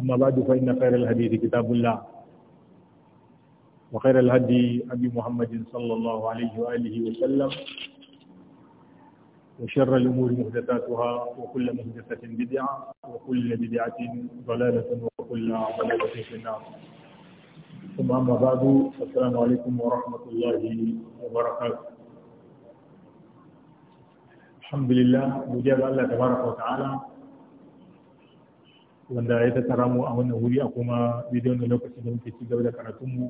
أما بعد فإن خير الحديث كتاب الله وخير الهدي أبي محمد صلى الله عليه وآله وسلم وشر الأمور محدثاتها وكل محدثة بدعة وكل بدعة ضلالة وكل ضلالة في النار ثم أما بعد السلام عليكم ورحمة الله وبركاته الحمد لله وجاب الله تبارك وتعالى wanda ya tattara mu a wannan wuri a kuma bidiyon da lokacin da muke ci gaba da karatunmu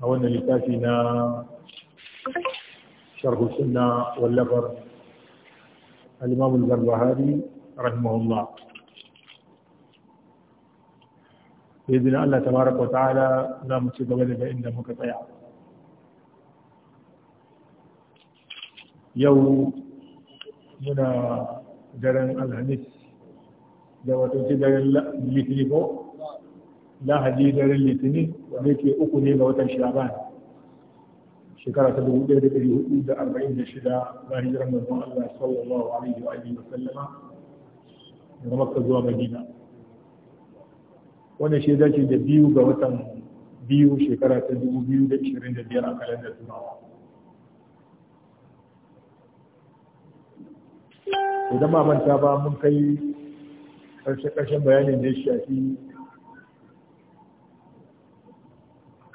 a wannan littafi na sharhu sunna wallafar al-imam al-barbahari rahimahullah Allah ta mara kwa ta'ala باذن mu ci gaba daga inda muka tsaya yau muna daren alhamis da wato ce daren litini ko lahadi daren litini wanda yake uku ne ga watan shaban shekara ta dubu ɗaya da ɗari hudu da arba'in da shida bayan hijirar manzon Allah sallallahu alaihi wa alihi wa sallama daga Makka zuwa Madina wannan shi dace da biyu ga watan biyu shekara ta dubu biyu da ishirin da biyar a kalandar turawa idan ma manta ba mun kai ƙarshen bayanin da ya shafi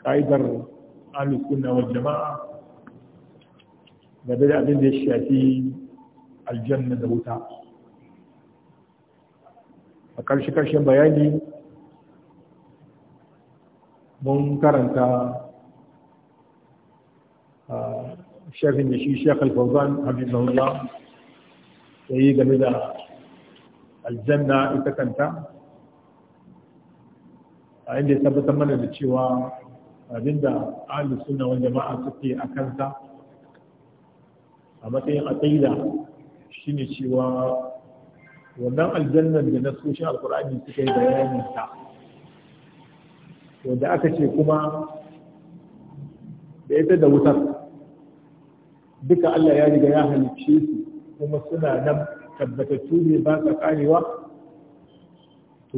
ƙa'idar alukuna wa jama'a game da abin da ya shafi aljanna da wuta a ƙarshe ƙarshen bayani mun karanta shafin da shi fauzan abin da wuta ya yi game da aljanna ita kanta a inda ya tabbatar mana da cewa abinda ahli sunna wal jama'a suke a kansa a matsayin aqida shine cewa wannan aljannan da na nasoshin alqur'ani suka yi bayanin ta wanda aka ce kuma da ita da wutar duka Allah ya riga ya halicce su kuma suna nan tabbatattu ne ba ka karewa to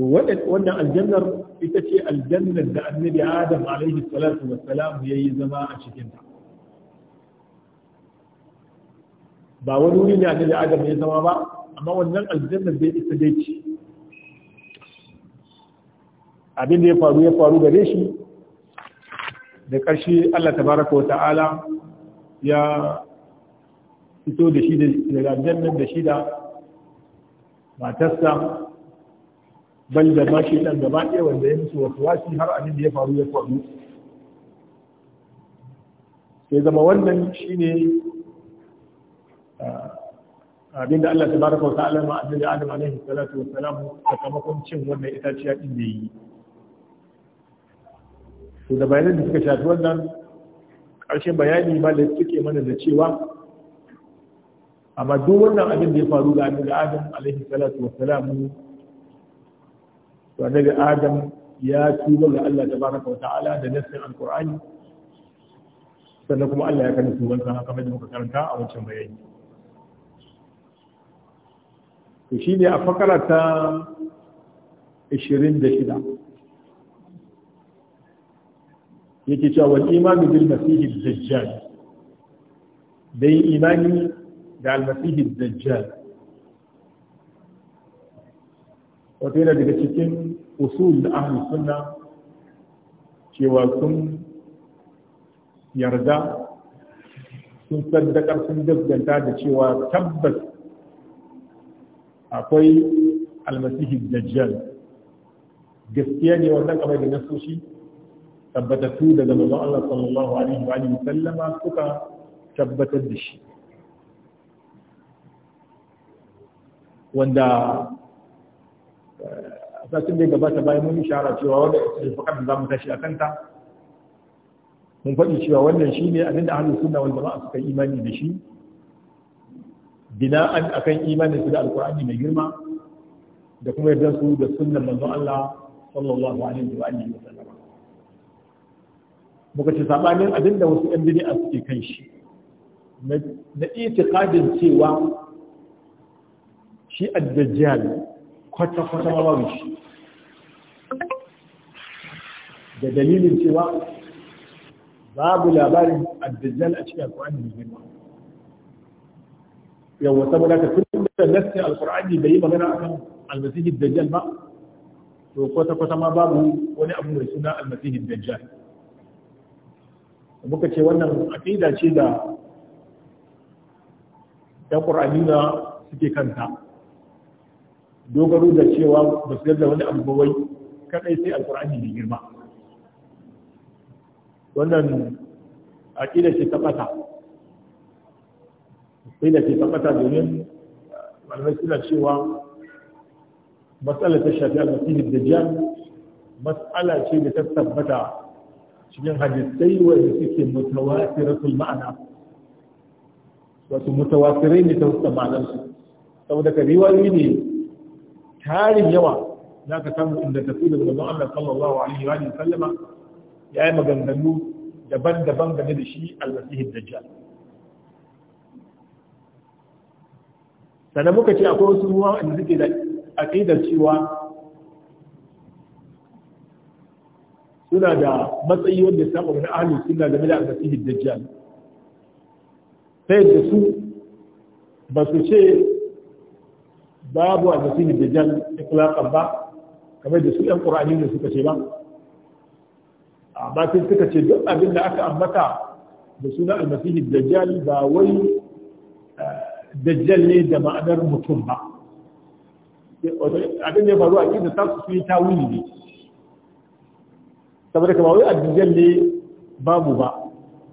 wannan aljannar ita ce aljannar da annabi adam alaihi salatu wassalam ya yi zama a cikinta ba wani wuri ne annabi adam ya zama ba amma wannan aljannar da ita dai ce abin da ya faru ya faru gare shi da ƙarshe Allah tabaraka wa ta'ala ya fito da shi da aljannar da shi da matarsa bal da ba shi dan gaba ɗaya wanda ya musu wasu wasi har abin da ya faru ya faru sai zama wannan ne abin da Allah ta baraka wa ta'ala ma annabi Adam alaihi salatu wa salam sakamakon cin wannan itaciya din da yi to da bayanan da suka shafi wannan ƙarshen bayani ba da suke mana da cewa amma duk wannan abin da ya faru ga annabi adam alaihi salatu wassalam to annabi adam ya tuba ga Allah tabaraka wata'ala da nassin alqur'ani sannan kuma Allah ya kana tuban sa kamar da muka karanta a wancan bayani to shine a fakara ta 26 yake cewa wal imanu bil masih dajjal dai imani da almasihi dajjal wato yana daga cikin usul da ahlus sunna cewa sun yarda sun saddakar sun gaskanta da cewa tabbas akwai almasihi dajjal gaskiya ne wannan kamar da nasoshi tabbatattu daga manzon Allah sallallahu alaihi wa sallama suka tabbatar da shi wanda eh, a satin da gabata bayan mun shahara cewa wanda fakar da zamu tashi a kanta mun faɗi cewa wannan shi ne abinda ahlus sunna wal jama'a suka imani da shi bina'an akan imanin su da alqur'ani mai girma da kuma yardan su da sunnan manzon Allah sallallahu alaihi wa alihi wasallam muka ce sabanin abinda wasu yan bid'a suke kan shi na itiqadin cewa shi addajjal kwata-kwata ma babu shi da dalilin cewa babu labarin addajjal a cikin alkur'ani da girma yawon saboda ka tun da nassin alkur'ani bai yi magana akan almasihin dajjal ba to kwata-kwata ma babu wani abu mai suna almasihin dajjal muka ce wannan aƙida ce da ɗan na suke kanta dogaro da cewa ba su da wani abu ba kadai sai alkur'ani ne girma wannan aƙida ce ta sai da ke ta ɓata domin malamai suna cewa matsala ta shafi al da dajjal matsala ce da ta tabbata cikin hadisai wanda suke mutawatiratul ma'ana wasu mutawatirai ne ta hukumar ma'anarsu saboda ka riwayoyi ne tarin yawa za ka samu inda tafi da manzon Allah sallallahu alaihi wa sallama ya yi maganganu daban-daban game da shi almasihin dajjal sannan muka ce akwai wasu ruwa inda suke da aƙidar cewa suna da matsayi wanda ya samu wani ahli suna game da almasihin dajjal Sai da su ba su ce babu almasihi dajjal itlaqan ba kamar da su ɗan qur'ani ne suka ce ba amma sai suka ce duk abin da aka ambata da suna almasihi dajjal ba wai eh, dajjal ne da ma'anar mutum ba abin da ya faru a cikin da su yi tawili ne saboda kama wai dajjal ne babu ba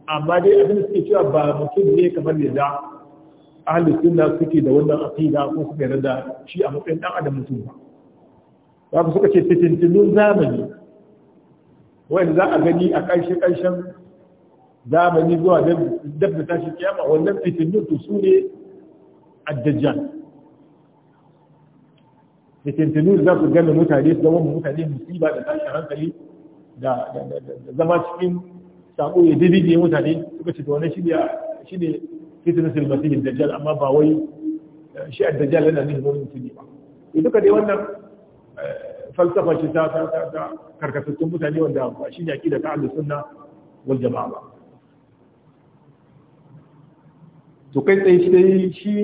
amma dai abin da suke cewa ba mutum ne kamar da ahli sunna suke da wannan aqida ko suka yarda shi a matsayin dan adam mutum ba ba suka ce fitintunun zamani wanda za a gani a ƙarshe ƙarshen zamani zuwa dab da tashi kiyama wannan fitinun to su ne addajjal fitintunun za ku gane mutane su zama mutane musiba da tashin hankali da zama cikin sako ya ne mutane suka ce to wannan shi ne fitnatul masih dajjal amma ba wai eh, shi dajjal yana nufin wani mutumi ba ka dai wannan eh, falsafa ce ta ta karkatattun mutane wanda ba shi ne aqida ta ahlus sunna wal jamaa ba to kai tsaye shi dai shi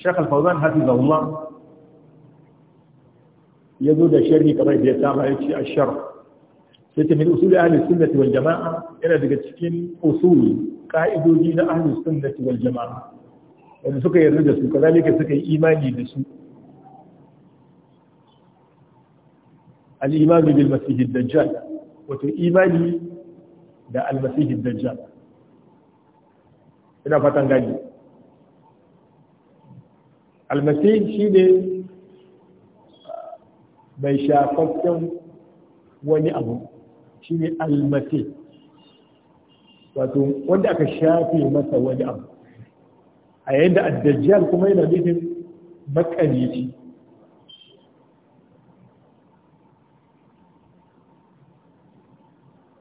Sheikh Al-Fawzan hafizahullah yazo da sharhi kamar da ya saba yace ash-sharh sai ta min usuli ahli sunnati wal jamaa yana daga cikin usuli Ka'idodi na ahlus sunnati wal jama'a wanda suka yarda da su kazalika suka yi imani da su al imani bil masih dajjal wato imani da al masih dajjal ina fatan gani al masih shine bai shafaffen wani abu shine al masih wato wanda aka shafe masa wani abu a yayin da addajjal kuma yana nufin makalici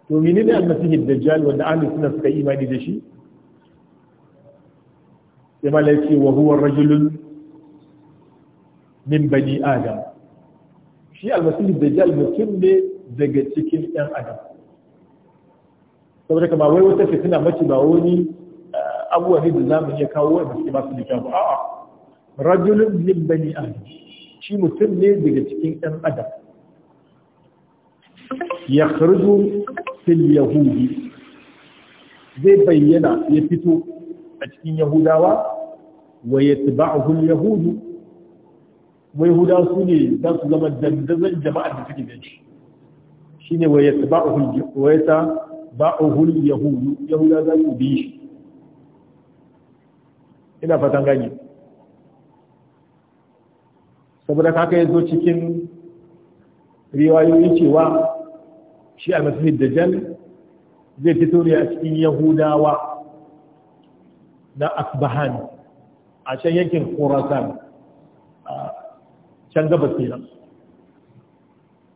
to mini ne almasihi addajjal wanda ahli suna suka imani da shi sai mala yace wa huwa rajulun min bani adam shi almasihi addajjal mutum ne daga cikin yan adam saboda kama wai wata suna mace ba wani eh, abuwa ne da zamu iya kawo wani suke ba su da kyau a'a rajulun min bani adam shi mutum ne daga cikin ɗan adam ya kharju fil yahudi zai bayyana ya fito a cikin yahudawa wa yatba'uhu al yahudu wa yahudawa su ne za su zama dandazon jama'ar da suke da shi shine wa yatba'uhu wa yata ba'uhul yahudu yahuda za su bi shi ina fatan gani saboda kaka ya zo cikin riwayoyi cewa shi a masahid jal zai fito ne a cikin yahudawa na asbahan a can yankin khorasan can gabas kenan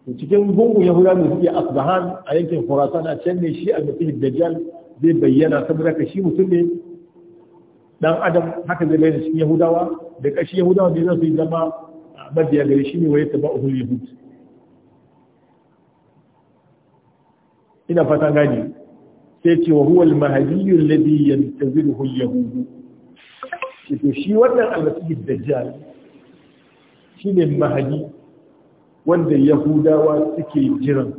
cikin gungu yahuda ne suke asbahan a yankin khurasan a can ne shi a mutum dajjal zai bayyana saboda ka shi mutum ne dan adam haka zai bayyana cikin yahudawa da kashi yahudawa ne za su yi zama mabiya gari shi ne waye taba uhul yahud ina fata gani sai ce wa huwa al-mahdi alladhi yantaziruhu al-yahud shi to shi wannan al-masih dajjal shi ne mahdi wanda yahudawa suke jiran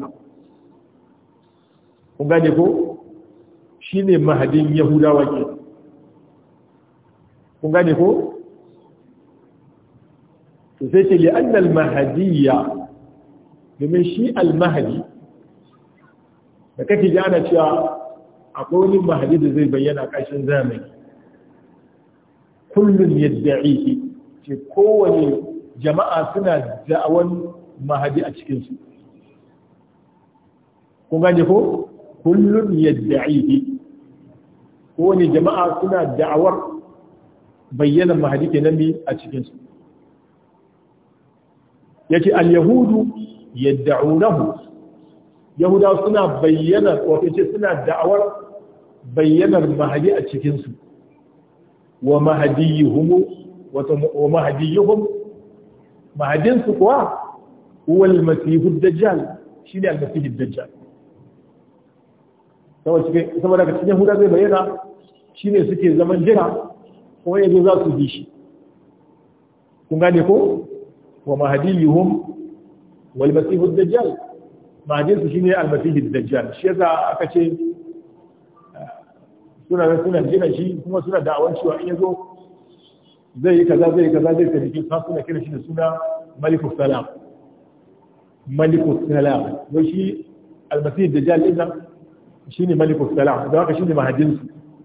ku gane ko shi ne mahadin yahudawa ke ku gane ko to sai ce li'annal mahadiyya domin shi al-mahadi da kake jana cewa akwai wani mahadi da zai bayyana kashin zamani kullum yadda'ihi ce kowane jama'a suna da'awan mahadi a cikinsu kun gane ko kullum yadda'ihi kowane jama'a suna da'awar bayyana mahadi ke nan a cikinsu yake al-yahudu yadda'unahu yahuda suna bayyana wato ce suna da'awar bayyanar mahadi a cikinsu wa mahadiyuhum wa mahadiyuhum mahadinsu kuwa huwa al-masihu dajjal shine al-masihu dajjal saboda cikin saboda cikin huda zai bayyana shine suke zaman jira ya yanzu za su ji shi kun gane ko wa mahdiyuhum wal masihu dajjal mahdin su shine al-masihu dajjal shi yasa aka ce suna suna jira shi kuma suna da shi wa in yazo zai yi kaza zai yi kaza zai tafi kin suna kira shi da suna malikul salam ملك السلام وشي المسيح الدجال لنا شنو ملك السلام ده هو شيني مهدين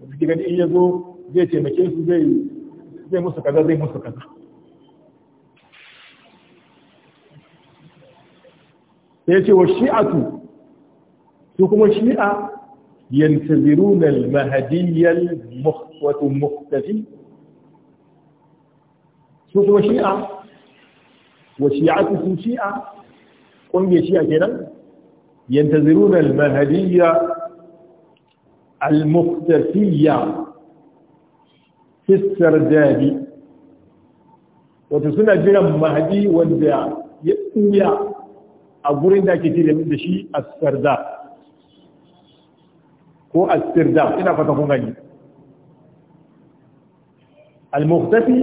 بدي قال يزو زي تي زي زي موسى كذا زي موسى كذا يجي والشيعة سوكم الشيعة ينتظرون المهدي المخوة المختفي سوكم الشيعة وشيعة شيعة ƙungiyar shi'a kenan yantaziruna al-mahadiyya al-muqtasiyya fi sardadi wato suna jiran mahadi wanda ya tsuya a gurin da ake ce da shi a sarda ko a sirda ina fata kun gani al-muqtasi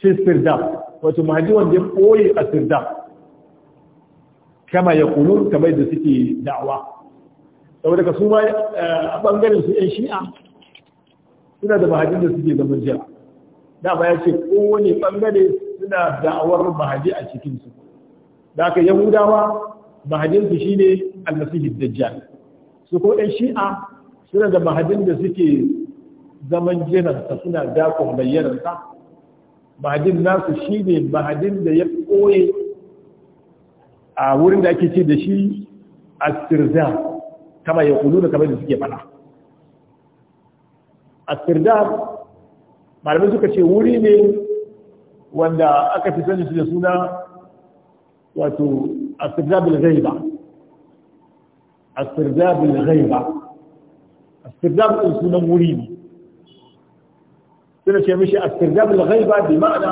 fi sirda wato mahadi wanda ya koyi a sirda kama ya kulun kamar da suke da'awa sau ka su ma eh, a bangaren su yan shi'a suna da mahajin da suke zaman Da dama ya ce kowane ɓangare suna da'awar mahaji a cikinsu da aka yahudawa mahajinsu shi ne da dajjal su ko yan shi'a suna da mahajin da suke zaman jinansa suna dakon bayyanarsa mahajin nasu shi ne mahajin da ya koye a wurin da ake ce da shi astirza kama ya kulu da kamar da suke fada astirza malamai suka ce wuri ne wanda aka fi sani su da suna wato astirza bil ghaiba astirza bil ghaiba astirza bil sunan wuri ne suna ce mishi astirza bil ba bi ma'ana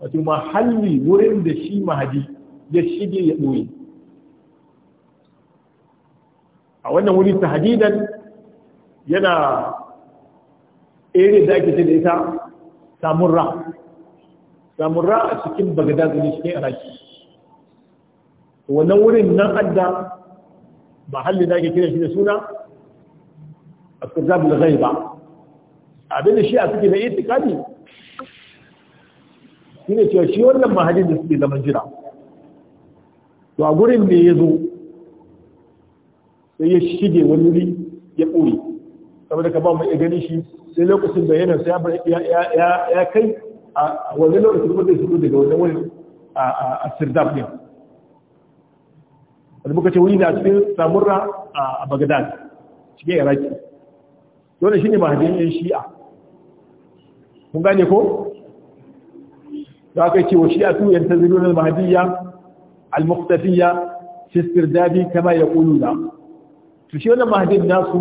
wato mahalli wurin da shi mahadi ya shige ya ɓoye a wannan wuri hadidan, yana ere da ake ce da ita samurra samurra a cikin bagdad ne cikin iraki wannan wurin nan adda mahallin da ake kira shi da suna a asirzabul ghaiba abin da shi a suke da itikadi ne cewa shi wannan mahallin da suke zaman jira to a gurin da ya zo sai ya shige wani wuri ya ɓoye saboda ka ba mu ya gani shi sai lokacin bayanan sai ya kai a wani lokacin da ya shigo daga wani wani a sirdaf ne Wani muka ce wuri na cikin samurra a bagdad cikin iraki wani shi ne mahadin yan shi'a kun gane ko da aka ce wa shi'a tu yan tazilu na mahadiyya al-muqtafiya fi istirdabi kama yaquluna to shi wannan mahdin nasu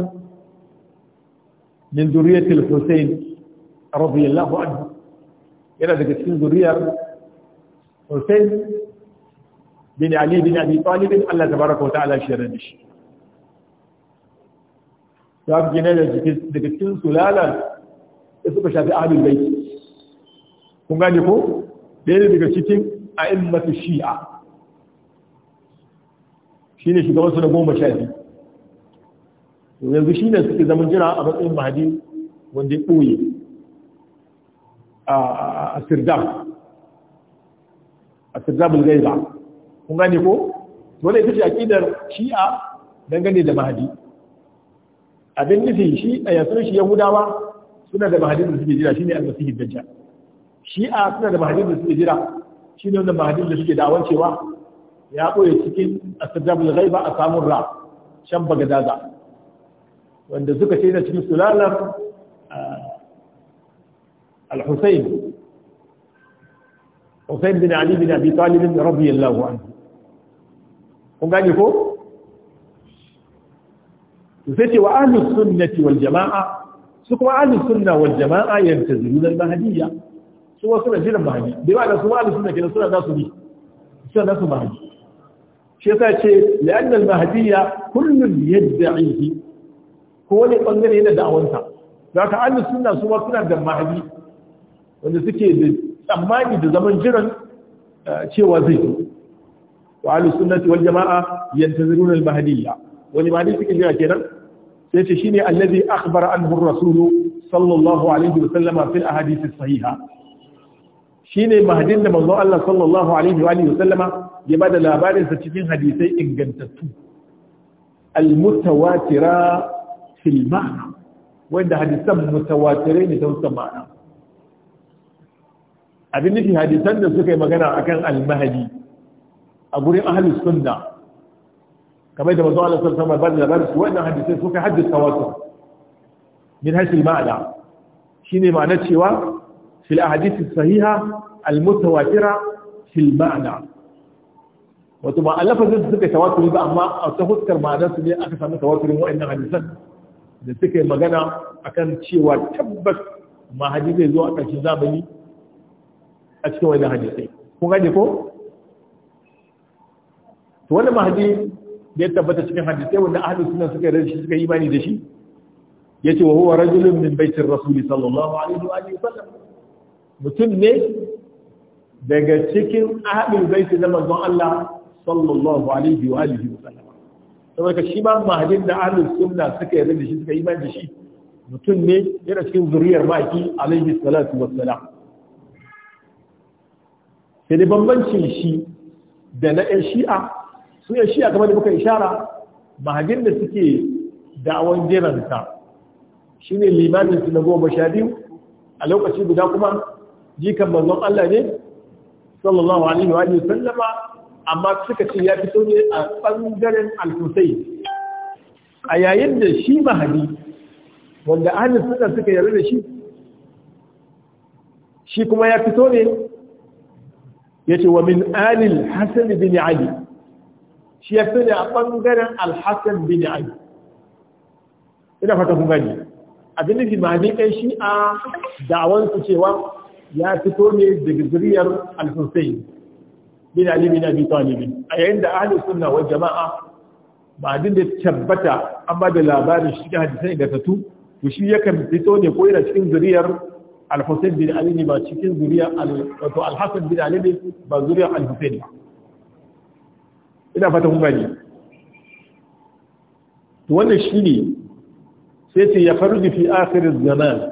min zuriyati al-husayn radiyallahu anhu yana daga cikin zuriyar Hussein bin Ali bin Abi Talib Allah tabaraka wa ta'ala shi yarda shi ta fi ne da daga cikin sulalar da suka shafi ahlul bait kun gane ko ɗaya daga cikin a'immatu shi'a shi ne wasu na goma sha biyu yanzu shi ne suke zaman jira a matsayin mahadi wanda ya ɓoye a sirdam a sirdamul ba. kun gane ko dole ita ce aƙidar shi'a dangane da mahadi abin nufi shi a yasar shi yahudawa suna da mahadin da suke jira shine almasihi dajjal shi'a suna da mahadin da suke jira shine wannan mahadin da suke da'awan cewa ya ɓoye cikin asirjabul ghaiba a samun ra shan bagadaza wanda suka ce da cikin sulalar al-husayn husayn bin ali bin abi talib radiyallahu anhu kun gane ko sai wa ahli sunnati wal jama'a su kuma ahli sunna wal jama'a yantaziruna al mahdiya su wasu na jiran mahadi bai wa da su ahli sunna kenan suna da su bi suna da su mahadi shi yasa ce la'anna al-mahdiyya kullun yad'ihi ko wani bangare yana da'awansa da ka ahlus sunna su ma suna da mahdi wanda suke da tsammani da zaman jiran eh, cewa zai zo wa ahlus sunnati wal jama'a yantaziruna al-mahdiyya wani mahdi suke jira kenan sai ce shine allazi akhbara anhu ar-rasul sallallahu alaihi wa sallam fil ahadith as-sahiha shine mahdin da manzo Allah sallallahu alaihi wa sallama ya da labarinsa cikin hadisai ingantattu almutawatira fil ma'ana wanda hadisan mutawatirai ne ta wutan ma'ana abin nufi hadisan da suka yi magana akan almahadi a gurin ahalus sunna kamar da mazuwa alasar sama ba da labarin su wannan hadisai suka haddasa wasu min hasil ma'ana ne ma'ana cewa fil ahadisi sahiha almutawatira fil ma'ana wato ba alafazin su suka tawaturi ba amma a ta huskar ma'anar su ne aka samu tawaturin wa'annan hadisan da suka yi magana akan cewa tabbas ma zai zo a ƙarshen zamani a cikin wa'annan hadisai kun gane ko to wannan mahadi da ya tabbata cikin hadisai wanda ahlus sunna suka yi shi suka yi imani da shi yace wa huwa rajulun min baitir rasul sallallahu alaihi wa alihi wasallam mutum ne daga cikin ahlul bait na manzon Allah sallallahu alaihi wa alihi wa sallama. sallam ka shi ma mahadin da ahlus sunna suka yarda da shi suka yi da shi mutum ne yana cikin zuriyar maki alaihi salatu wa salam sai dai bambancin shi da na yan shi'a su yan shi'a kamar da muka ishara mahadin da suke da'awan jeranta shine limamin su na goma sha biyu a lokaci guda kuma jikan manzon Allah ne sallallahu alaihi wa sallama amma suka ce ya fito ne a ɓangaren al a yayin da shi mahadi wanda ahalin suna suka yarda da shi shi kuma ya fito ne ya ce wa min alil hassan bin ali shi ya fito ne a ɓangaren Alhassan bin ali ina fata kuma gani abin nufi mahadi ɗan shi a da'awansu cewa ya fito ne daga zuriyar al bin Ali bin Abi Talib a yayin da ahli sunna wal jama'a ba din da tabbata an ba da labarin shi sai ga tatu to shi yakan fito ne ko yana cikin zuriyar al-Husayn bin Ali ba cikin zuriyar wato al-Hasan bin Ali ba zuriyar al-Husayn ina fata kun gani to wannan shine sai ce ya faru fi az zaman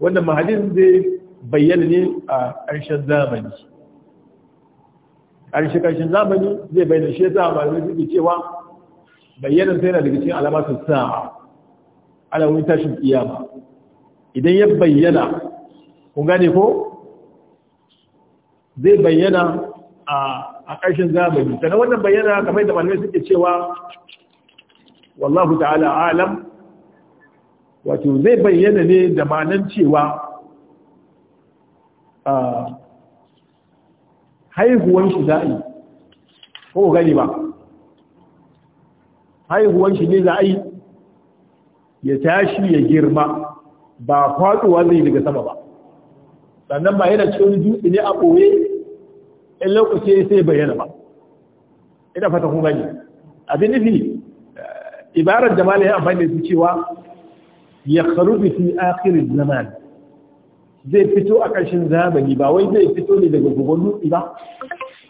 wannan mahadin zai bayyana ne a ƙarshen zamani ƙarshe ƙarshen zamani zai bayyana shi yasa malamai suke cewa bayyana sai na daga cikin alamatu sa'a alamun tashin ba. idan ya bayyana ku gane ko zai bayyana a ƙarshen zamani sannan wannan bayyana kamar da malamai suke cewa wallahu ta'ala alam wato zai bayyana ne da manan cewa ah, haihuwan shi za a yi ko gani ba haihuwan shi ne za a yi ya tashi ya girma ba faduwa zai daga sama ba sannan ba yana cikin dutse ne a ɓoye in lokaci sai bayyana ba ina fata kun gani abin nufi eh, ibarar jama'a malai amfani da su cewa ya kharufi fi akhirin zamani zai fito a ƙarshen zamani ba wai zai fito ne daga gugun dutse ba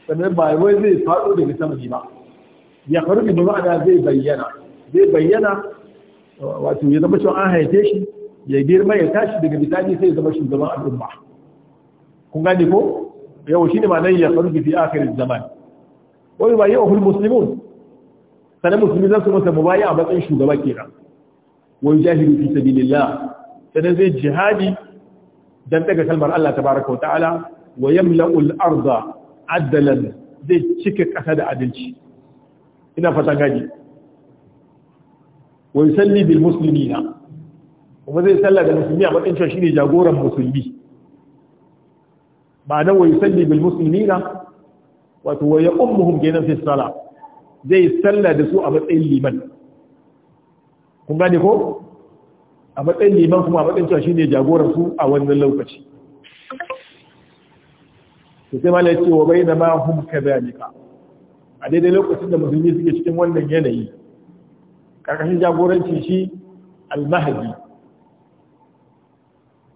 sannan ba wai zai faɗo daga samani ba ya faru da ma'ana zai bayyana zai bayyana wato ya zama cewa an haife shi ya girma ya tashi daga misali sai ya zama shugaban al'umma kun gane ko yau shi ne ma'anar ya faru fi akhirin zaman wani ba yi wa muslimun sannan musulmi za su masa mu bayan a matsayin shugaba kenan wani jahilu fi sabilillah sannan zai jihadi dan daga kalmar Allah Ta baraka wa ta'ala wa yamla'u la'ul-arza, adalan zai cika ƙasa da adalci ina fatan gaji wa salli bil na? kuma zai salla da musulmi a matsayin shi ne jagoran musulmi Ba na wa salli bil na? wato wa ya'ummuhum kenan fi sala zai salla da su a matsayin liman kun gane ko a matsayin liman kuma a matsayin cewa shine jagorar su a wannan lokaci to sai malai ce wa baina ma hum kadhalika a daidai lokacin da musulmi suke cikin wannan yanayi karkashin jagoranci shi al-mahdi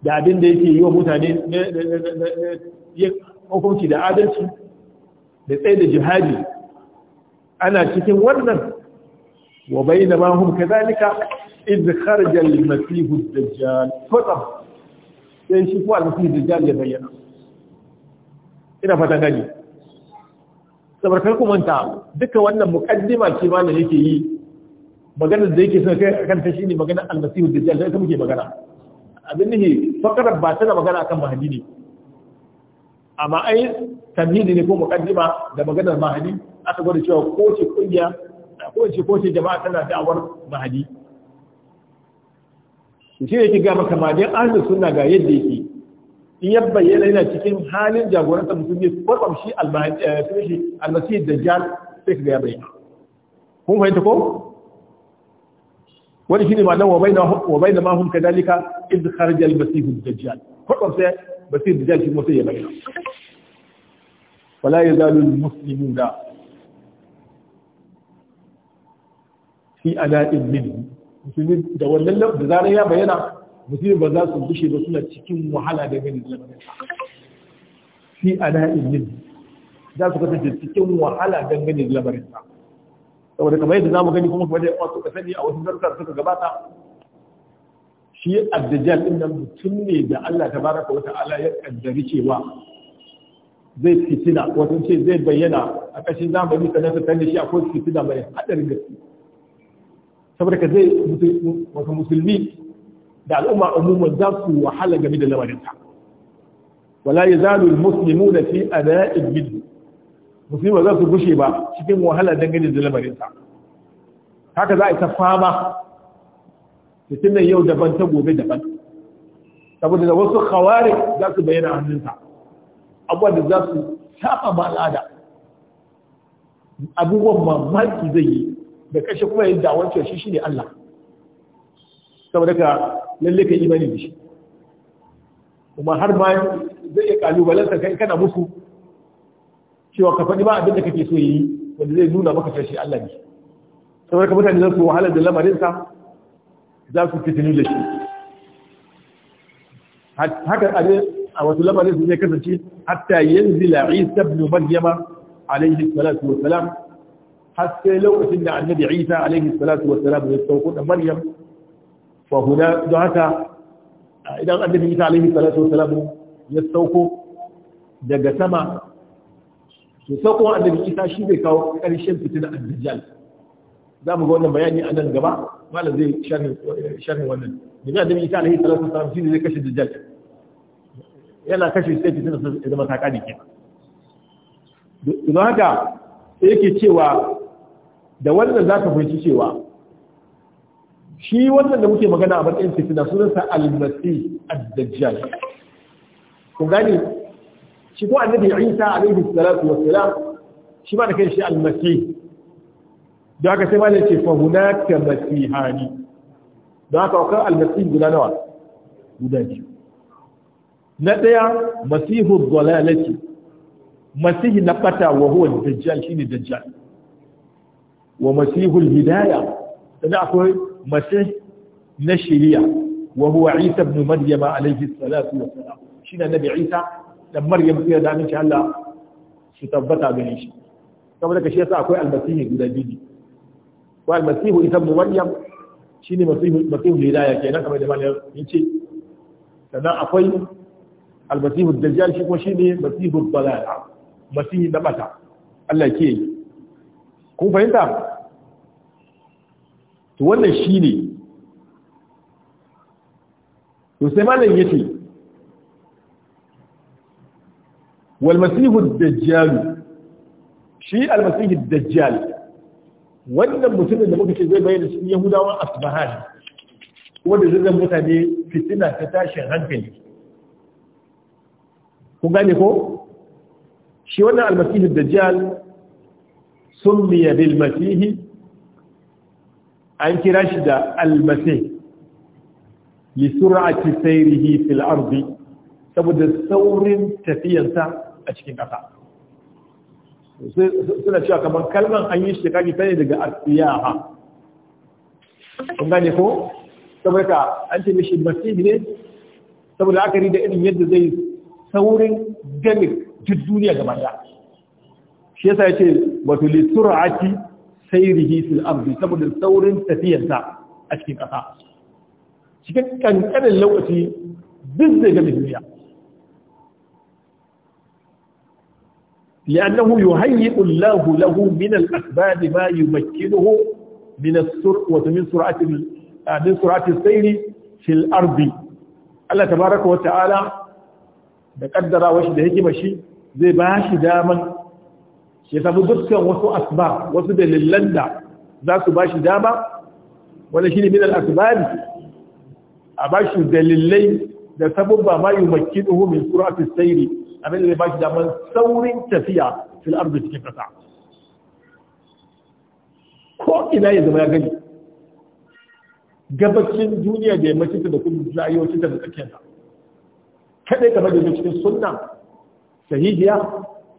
da abin da yake yi wa mutane ya hukunci da adalci da tsaye da jihadi ana cikin wannan wa baina ma hum kadhalika idh kharaja al-masih ad-dajjal fatab sai shi ko al-masih ad-dajjal ya bayyana ina fata gani sabar kar ku manta duka wannan muqaddima ce ma ne yake yi magana da yake son kai kan ta shine magana al-masih ad-dajjal da muke magana abin nihi fakarar ba tana magana akan mahadi ne amma ai tamhidi ne ko muqaddima da maganar mahadi aka gwada cewa ko ce kungiya ko ce ko ce jama'a tana da'awar mahadi to shi yake ga maka madin ahli sunna ga yadda yake in ya bayyana yana cikin halin jagorantar musulmi kwatsam shi eh, almasihi dajjal sai ya bayyana kun fahimta ko wani shi ne ma wa da kadalika kharaja dajjal basir dajjal shi mutum ya bayyana wala yazalu al fi ada'in minhu musulmi da wannan da zarar ya bayyana musulmi ba za su bushe ba suna cikin wahala da ganin lamarin fi ana'in yin za su kasance cikin wahala dangane da lamarin Da saboda kamar yadda zamu gani kuma kamar yadda suka sani a wasu zarkar suka gabata shi addajal din nan mutum ne da Allah ta baraka wa ta'ala ya kaddari cewa zai fitina wato ce zai bayyana a kashin zamani sanar da shi akwai fitina mai haɗarin gaske saboda ka zai wata musulmi da al'umma umuman za su wahala game da lamarinta wala ya zalu muslimu da fi ada'in minhu musulmi za su gushe ba cikin wahala dangane da lamarinta haka za a ta fama da tunan yau daban ta gobe daban saboda da wasu khawarik za su bayyana hannunta abubuwan da za su shafa ba al'ada abubuwan mamaki zai yi da kashe kuma yin dawon cewa shi shine Allah saboda ka lalle ka imani da shi kuma har ma zai iya kalubalansa kai kana musu cewa ka faɗi ba abin da kake so yi wanda zai nuna maka cewa shi Allah ne saboda ka mutane za su wahala da lamarinsa za su fitinu da shi haka abin a wasu lamarin su zai kasance hatta yanzu la ibn maryama alaihi salatu wa salam har sai lokacin da annabi Isa alaihi salatu wassalam ya sauko da Maryam fa huna don haka idan annabi Isa alaihi salatu wassalam ya sauko daga sama to sauko annabi Isa shi bai kawo karshen fitina ad-dajjal za mu ga wannan bayani a nan gaba malam zai sharhi wannan da annabi Isa alaihi salatu wassalam shi ne zai kashe dajjal yana kashe sai fitina da mataka ne kenan don haka yake cewa da wannan za ka fahimci cewa shi wannan da muke magana a matsayin fitina sunansa almasi ad-dajjal ku gani shi ko annabi Isa alaihi salatu wa salam shi ma da kai shi almasi da aka sai malai ce fa hunaka masihani da haka akwai almasi guda nawa guda biyu na daya masihu dalalati masihi na fata wa huwa dajjal shine dajjal wa masihul hidaya sannan akwai masih na shiriya wa huwa isa ibn maryama alayhi salatu wa salam shine nabi isa da maryam sai da aminci Allah su tabbata gare shi saboda kashi yasa akwai almasihi guda biyu wa almasihu isa ibn maryam shine masihu masihu hidaya kenan kamar da malamin yace sannan akwai almasihu dajjal shi kuma shine masihu balala masihi da bata Allah ke kun fahimta to wannan shi ne to sai malam ya ce walmasihu Dajjal, shi almasihu dajjal wannan mutumin da muka ce zai bayyana shi yahudawan asbahan wanda zai zama mutane fitina ta tashin hankali ku gane ko shi wannan almasihu dajjal summiya bil masihi an kira shi da almasih li sur'ati sayrihi fil ardi saboda saurin tafiyansa a cikin ƙasa suna cewa kamar kalman an yi shi kaki ta ne daga asiyaha kun gane ko saboda ka an ce mishi masih ne saboda aka da irin yadda zai saurin gami duk duniya gaba ɗaya shi yasa ya ce wato li sur'ati سيره في الأرض تبدو الثور تثير ساعة أشكي بأساعة شكاً كان كان اللوء في بزيجة مهمية لأنه يهيئ الله له من الأسباب ما يمكنه من السرعة ومن سرعة آه، من سرعة السير في الأرض الله تبارك وتعالى تقدر هيك ماشي زي ماشي دائما ya samu dukkan wasu asbab wasu dalilan da za su ba shi dama wani shi ne minal a ba shi dalilai da sabubba ma yi makin uhu min a sairi a da ya ba shi damar saurin tafiya fil arzu cikin kasa ko ina ya zama ya gani gabacin duniya da ya ta da kuma zayocinta da tsakiyarta kaɗai kamar da cikin sunna sahihiya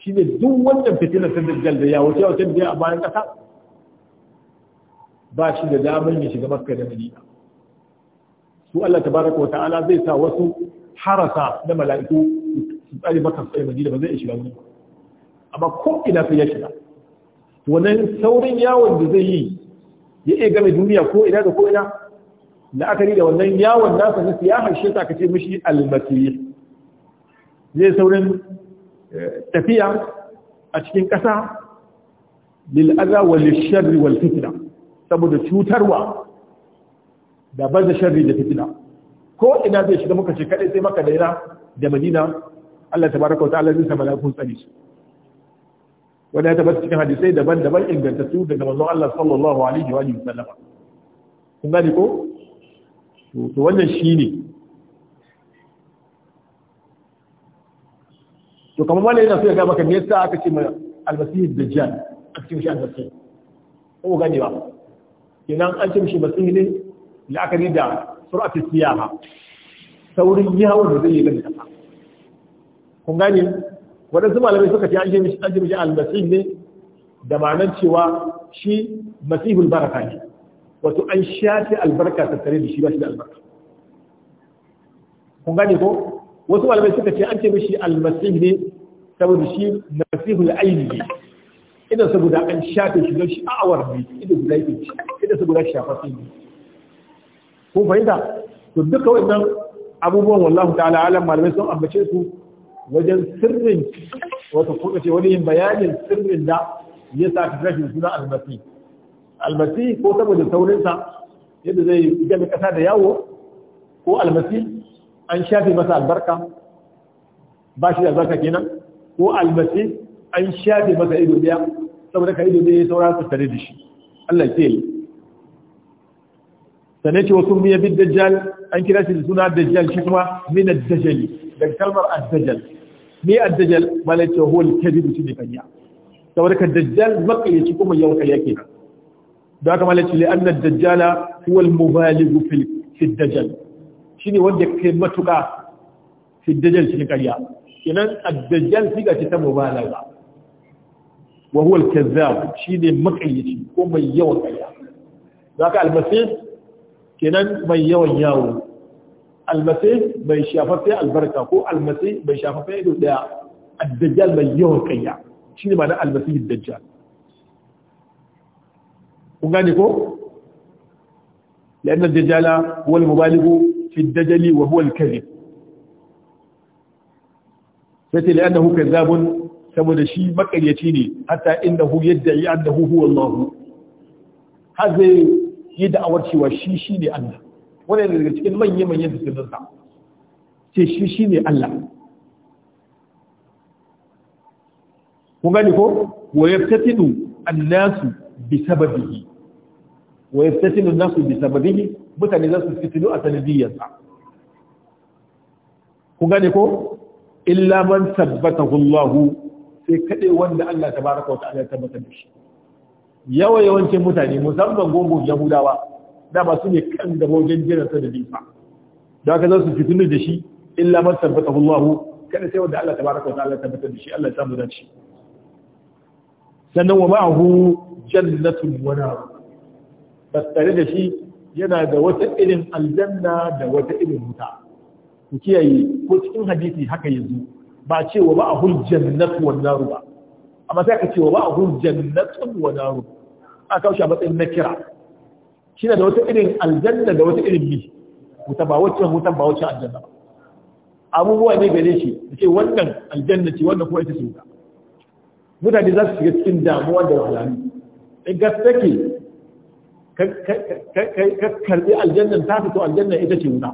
shi ne duk wannan fitinar ta dajjal da ya wuce wacce biya a bayan ƙasa ba shi da damar ya shiga makka da madina su Allah tabaraka wa ta'ala zai sa wasu harasa na mala'iku su tsari maka tsaye madina ba zai iya shiga wani amma ko ina sai ya shiga wannan saurin yawon da zai yi ya iya game duniya ko ina da ko ina la'akari da wannan yawon nasa na siyahar shi ta kace mishi almasih zai saurin tafiya a cikin ƙasa lil'aza wa lisharri wal fitna saboda cutarwa da da sharri da fitna ko ina zai shiga muka ce kaɗai sai maka daina da madina Allah tabaraka wa ta'ala zai sa kun tsari su wanda ya tabbata cikin hadisai daban-daban ingantattu daga manzon Allah sallallahu alaihi wa sallama kun gani ko to wannan shine to kamar wani yana so ya ga maka me yasa aka ce mai da jiyar aka cikin shi almasihi ko ne ba kenan an ce mishi masihi ne yi da sur'at siyaha saurin yawon da zai yi gani kasa kun gane waɗansu malamai suka ce an ce mishi an ce mishi ne da ma'anar cewa shi masihul baraka ne wato an shafi albarka tattare da shi ba shi da albarka kun gane ko wasu malamai suka ce an ce mishi almasih ne saboda shi masihul aini ne idan saboda an shafe shi don sha'awar ne idan guda yake ci idan saboda shafa sai ne Kun fahimta to duka wannan abubuwan wallahu ta'ala alam malamai sun ambace su wajen sirrin wato ko ce wani yin bayanin sirrin da ya sa ta rashin suna almasi almasi ko saboda saurinsa yadda zai gani kasa da yawo ko almasi an shafi masa albarka ba shi da albarka kenan ko almasi an shafi masa ido biya saboda ka ido biya ya saura su tare da shi Allah ke yi sane ce wasu miya bin dajjal an kira shi da suna dajjal shi kuma min dajjal daga kalmar dajjal me dajjal malai ce huwal kadibu shi ne kanya saboda ka dajjal makayyaci kuma yau kai kenan da haka malai ce li anna dajjala huwal mubaligu fil dajjal shine wanda ke matuka fi dajjal cikin ƙarya kenan ad-dajjal ga ta mubalaga wa huwa al-kazzab shine makayyaci ko mai yawan ƙarya zaka al-masih kenan mai yawan yawo al-masih bai shafa sai albarka ko al-masih bai shafa sai ido daya ad mai yawan ƙarya shine ma'ana al-masih ad-dajjal ko gane ko لأن الدجال هو المبالغ fi dajali wa huwa al-kadhib sai li'annahu kadhabun saboda shi makaryaci ne hatta innahu yadda'i annahu huwa Allah har zai yi da'awar cewa shi shine Allah wannan daga cikin manyan manyan fitinan sa ce shi shine Allah gani ko wa annasu bi wa yaftatilu an-nasu bi sababihi mutane za su fitilu a sanadiyyarsa ku gane ko illa man sabbatahu Allah sai kade wanda Allah tabaraka wa ta'ala ya tabbata da shi yawa yawancin mutane musamman gungun yahudawa da ba su ne kan gaba wajen jiran da fa da haka za su fitilu da shi illa man sabbatahu Allah kada sai wanda Allah tabaraka wa ta'ala ya tabbata da shi Allah ya samu dace sannan wa ma'ahu jannatun wa nar tattare da shi yana da wata irin aljanna da wata irin wuta ku kiyaye ko cikin hadisi haka yanzu ba cewa ba a hul jannatu wan naru ba amma sai ka cewa ba a hul jannatu wan naru a kawo shi a matsayin nakira shi da wata irin aljanna da wata irin bi wuta ba wacce wuta ba wacce aljanna ba abubuwa ne gare shi da wannan aljanna ce wannan kuma ita ce wuta mutane za su shiga cikin damuwa da wahalani in gaske ka karbi aljannan ta fito aljannan ita ce wuta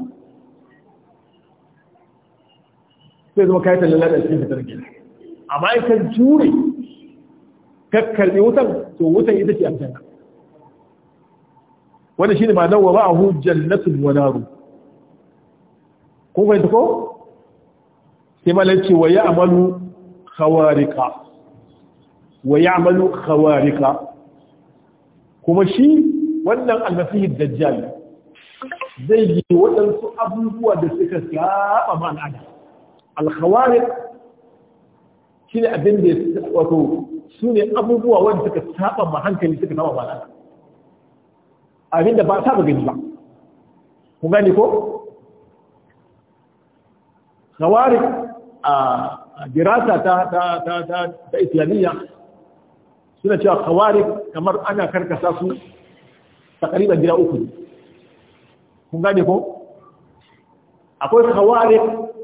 sai zama kayi talala da cikin fitar gida amma in ka jure ka karbi wutan to wutan ita ce aljanna wanda ne ma nan wa ba a hu jannatul wani naru Kuma bai ko sai malaci wa ya'malu khawariqa wa ya'malu khawariqa kuma shi wannan almasihin dajjal zai yi waɗansu abubuwa da suka saba ma al'ada alkhawariq shine abin da wato sune abubuwa wanda suka saba ma hankali suka saba ma al'ada abin da ba saba gani ba ku gani ko khawarij a dirasa ta ta ta ta islamiyya suna cewa khawarij kamar ana karkasa su takriban gida uku kun gane ko akwai kawari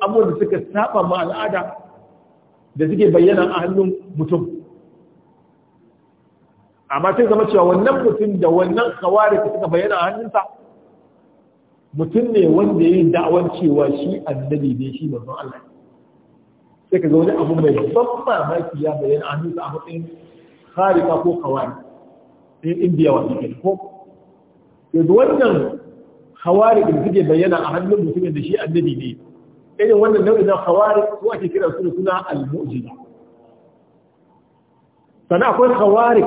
abubuwan da suka saba ma al'ada da suke bayyana a hannun mutum amma sai zama cewa wannan mutum da wannan kawari da suka bayyana a hannunsa mutum ne wanda ya yi da'awar cewa shi annabi ne shi manzon Allah sai ka ga wani abu mai ban mamaki ya bayyana a hannunsa a matsayin harika ko kawari in indiya wa ko yanzu wannan hawari da suke bayyana a hannun mutumin da shi annabi ne irin wannan nau'in na hawari su ake kira su da suna al-mu'jiza sannan akwai hawari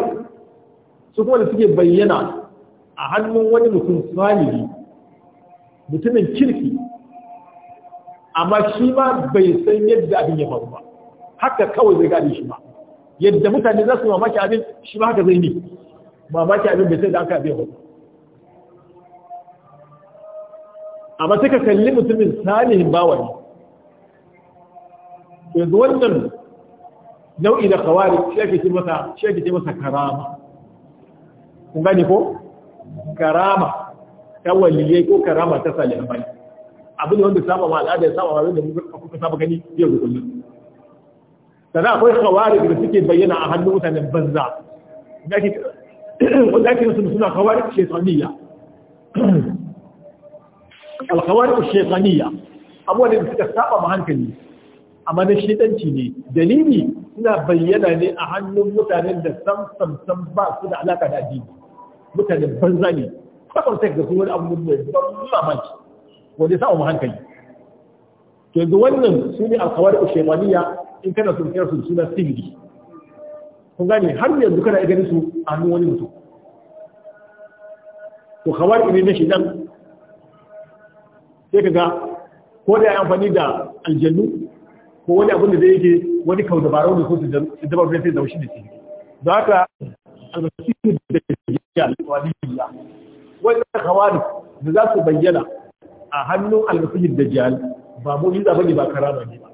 su kuma da suke bayyana a hannun wani mutum salihi mutumin kirki amma shi ma bai san yadda abin ya faru ba haka kawai zai gane shi ba yadda mutane za su mamaki abin shi ma haka zai ne mamaki abin bai sai da aka abin faru amma sai ka kalli mutumin salihin bawani, yanzu wannan nau'i na kawari shi ake ce masa shi ce masa karama kun gani ko karama ta waliyai ko karama ta salihin bai abin wanda saba ma al'ada ya saba ma wanda kuka saba gani yau da kullum sannan akwai kawari da suke bayyana a hannun mutanen banza wanda ake nasu suna kawari shaitaniyya alkhawari'u shaytaniyya abubuwan da suka saba ma hankali amma na shedanci ne dalili suna bayyana ne a hannun mutanen da sam sam sam ba su da alaka da addini mutanen banza ne kwakwar sai ga su wani abu mai ban mamaki wanda ya saba ma hankali to yanzu wannan su ne alkhawari'u shaytaniyya in kana sun kira su suna sihiri kun gane har yanzu kana ganin su a hannun wani mutum to kawai ne na shedan sai ka ga ko da ya amfani da aljannu ko wani abin da zai yake wani kau dabarau da su su dabar da sai da shi da shi da haka yi da yake alwali ya wani kawari da za su bayyana a hannun albasiru da jihar ba mu yi zabani ba karama ne ba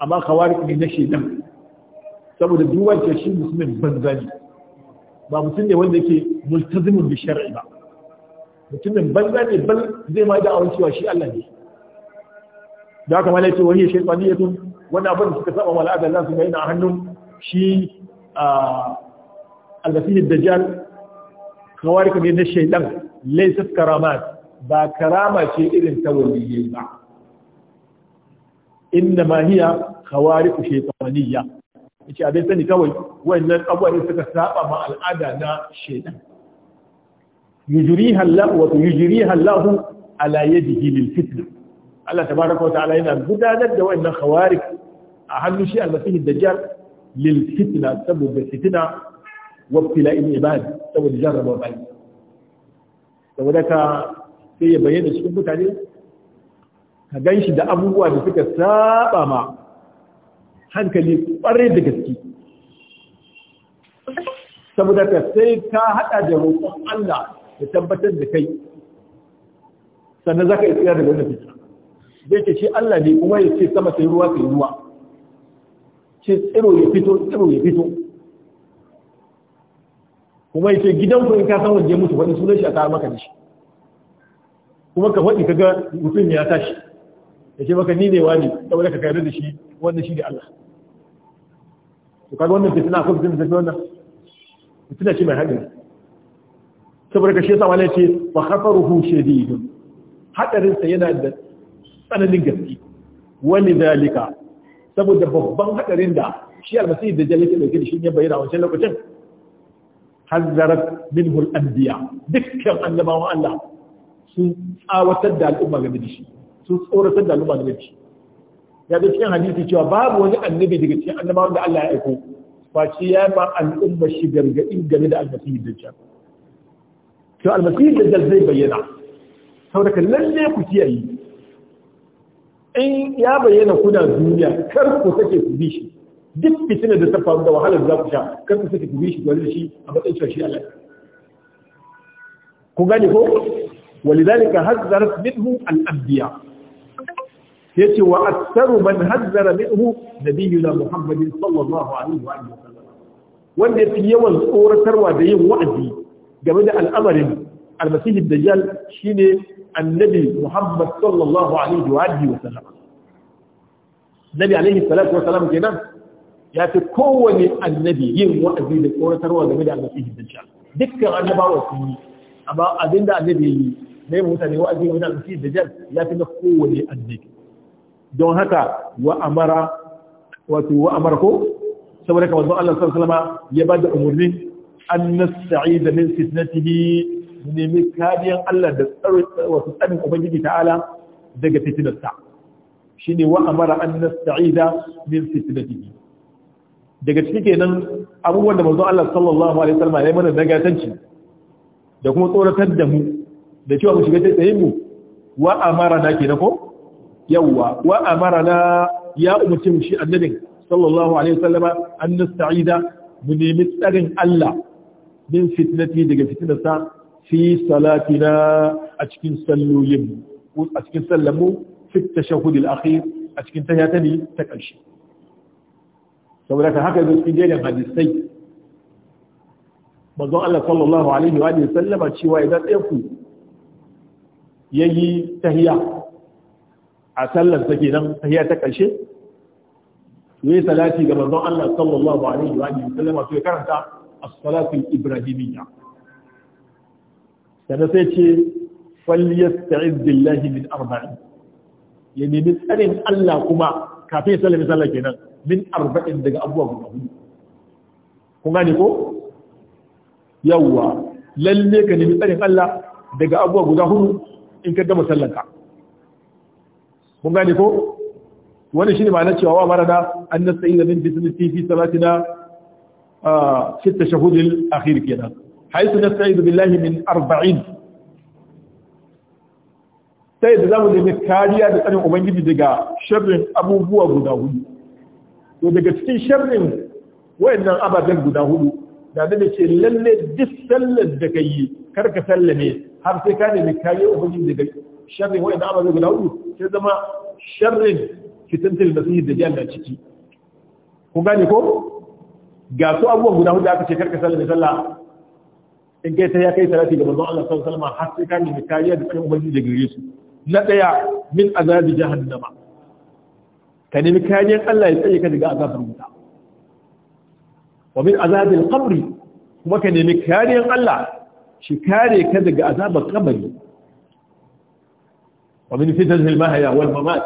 amma kawari ne na shedan saboda duwance shi musulmin banzani ba mutum ne wanda yake multazimin bi ba mutumin banza ne bal zai ma da awon cewa shi Allah ne da haka malai ce wani tun wani abin da suka saba wa al'adar Allah su ga yana hannun shi al da jihar kawari kamar na shaytan laysa karama ba karama ce irin ta waliyyi ba inda ma hiya khawariqu shaytaniyya yace abin sani kawai wannan ne suka saba ma al'ada na shaytan yujriha Allah wa yujriha Allah lil fitna Allah tabaraka wa ta'ala yana gudanar da wannan khawarik a hannu shi al-masih dajjal lil fitna saboda fitna wa ibtila'il ibad saboda jarraba bai saboda ka ya bayyana cikin mutane ka ganshi da abubuwa da suka saba hankali kwarai da gaske saboda ka sai ka hada da roƙon Allah da tabbatar da kai sannan za ka isira daga wani fita. zai ce shi Allah ne kuma ya ce sama sai ruwa sai ruwa ce tsiro ya fito tsiro ya fito kuma ya ce gidan ku in ka san wanda ya mutu wani sunan shi a kawo maka da shi kuma ka faɗi kaga mutum ya tashi ya ce maka ni ne wani saboda ka kayar da shi wannan shi ne Allah to kaga wannan fitina ko fitina ta wannan fitina ce mai haɗari saboda ka shi yasa malai ce fa khafaruhu shadidun hadarin sa yana da tsananin gaske wani dalika saboda babban hadarin da shi almasihi da jalake dauke da shi ya bayyana a wancan lokacin hazzarat minhu al-anbiya dukkan annabawan Allah sun tsawatar da al'umma game da shi sun tsoratar da al'umma game da shi ya ga cikin hadisi cewa babu wani annabi daga cikin annabawan da Allah ya aiko face ya ba al'umma shi gargadin game da almasihi da jalake to almasir dajjal zai bayyana saboda lalle ku kiyaye in ya bayyana kuna duniya kar ku sake ku bi shi duk fitina da ta faru da wahalar za ku sha kar ku sake ku bi shi ku da shi a matsayin cewa shi Allah ku gane ko ولذلك حذرت منه الأنبياء يتي وأكثر من حذر منه نبينا محمد صلى الله عليه وآله وسلم wanda ya fi yawan tsoratarwa da yin wa'azi game da al'amarin almasihi dajjal shine annabi muhammad sallallahu alaihi wa alihi wa sallam nabi alaihi salatu wa salam kenan ya fi kowane annabi yin wa'azi da tsoratarwa game da almasihi dajjal dukkan annabawa sun yi amma da annabi yi ne mutane wa'azi game da almasihi dajjal ya fi na kowane annabi don haka wa amara wato wa amarko saboda kamar Allah sallallahu alaihi wa sallama ya bada umurni an nasta'ida min fitnatihi nemi kariyan Allah da wasu tsarin Ubangiji ta'ala daga fitinarsa shi ne wa amara an nasta'ida min fitinatihi daga ciki kenan abubuwan da manzo Allah sallallahu alaihi wasallam ya mana nagatanci da kuma tsoratar da mu da cewa mu shiga tsayin mu wa amara na kenan ko yawa wa amara na ya umarci mu shi annabin sallallahu alaihi wasallam an nasta'ida mu nemi tsarin Allah min fitnati daga fitnarsa fi salatina a cikin salloyin a cikin sallamu fi tashahhud al-akhir a cikin tahiyata ne ta ƙarshe saboda ka haka zai cikin jerin hadisai manzon Allah sallallahu alaihi wa sallama cewa idan ɗayan ku ya yi tahiya a sallar ta kenan tahiya ta ƙarshe yi salati ga manzon Allah sallallahu alaihi wa sallama to ya karanta as-salatu al-ibrahimiyya sannan sai ce falyasta'iz billahi min arba'in ya nemi tsarin Allah kuma kafin ya sallame sallah kenan min arba'in daga abubuwa guda hudu kun gane ko yawwa lalle ka nemi tsarin Allah daga abubuwa guda hudu in ka gama sallanka kun gane ko wani shi shine ma'anar cewa wa marana an na nasta'ida min bisnati fi salatina في التشهد الأخير akiri kenan. نستعيذ بالله من أربعين ta yadda kariya da tsarin ubangiji daga sharrin abubuwa to daga cikin sharrin wayannan ababen guda hudu ce lalle duk sallar da ka kar ka sallame har sai ka nemi kariya ubangiji daga zama sharrin fitantil da jalla ciki kun gane ko ga su abubuwan guda hudu aka ce karka sallah sallah in kai ta ya kai salati ga manzon Allah sallallahu alaihi wasallam har sai ka nemi kariya da tsayin ubangiji da gare su na daya min azabi jahannama ka nemi kariyar Allah ya tsaye ka daga azabar wuta wa min azabil qabri kuma ka nemi kariyar Allah shi kare ka daga azabar kabari wa min fitnatil mahya wal mamat